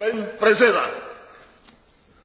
Ven, preseda.